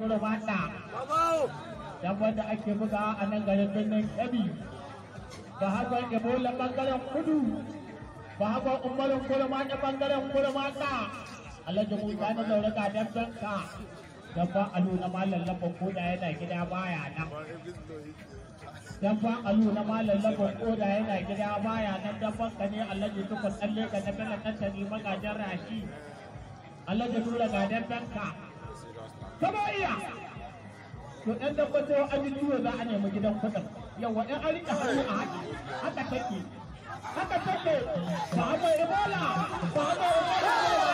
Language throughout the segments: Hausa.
turmanda dan wanda ake buga a nan garin birnin kebbi ba hagon ebola bangaren kudu ba hagon umarin kurmanda bangaren kurmanda alhaji musa na zaure ga dabbanka dan ba alu na malam lafan koda yana gida baya nan dan ba alu na malam lafan koda yana gida baya nan dan ka ne alhaji tukun tsalle ka na kana tantani magajin rashi alhaji tura ga dabbanka samariya to dan da kwato an yi tuwo za a nemi gidan kudin yawa dan an rika hannu a haka haka take haka take ba haka ibola ba haka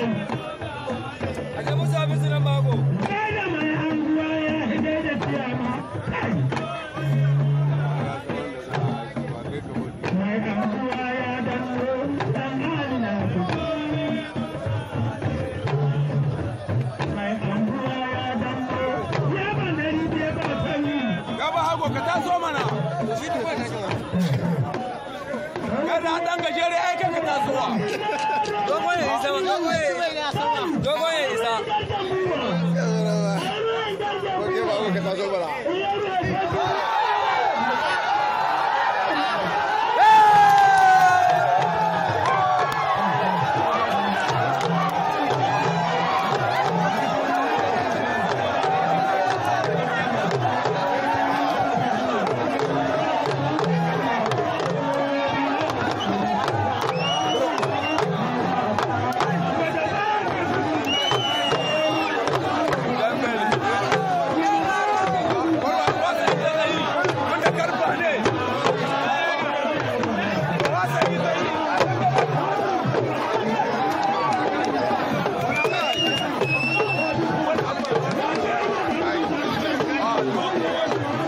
Thank you. Kada dan gajere aikin ka tasowa. Dogon ne isa, dogon 干到这了。Brasil.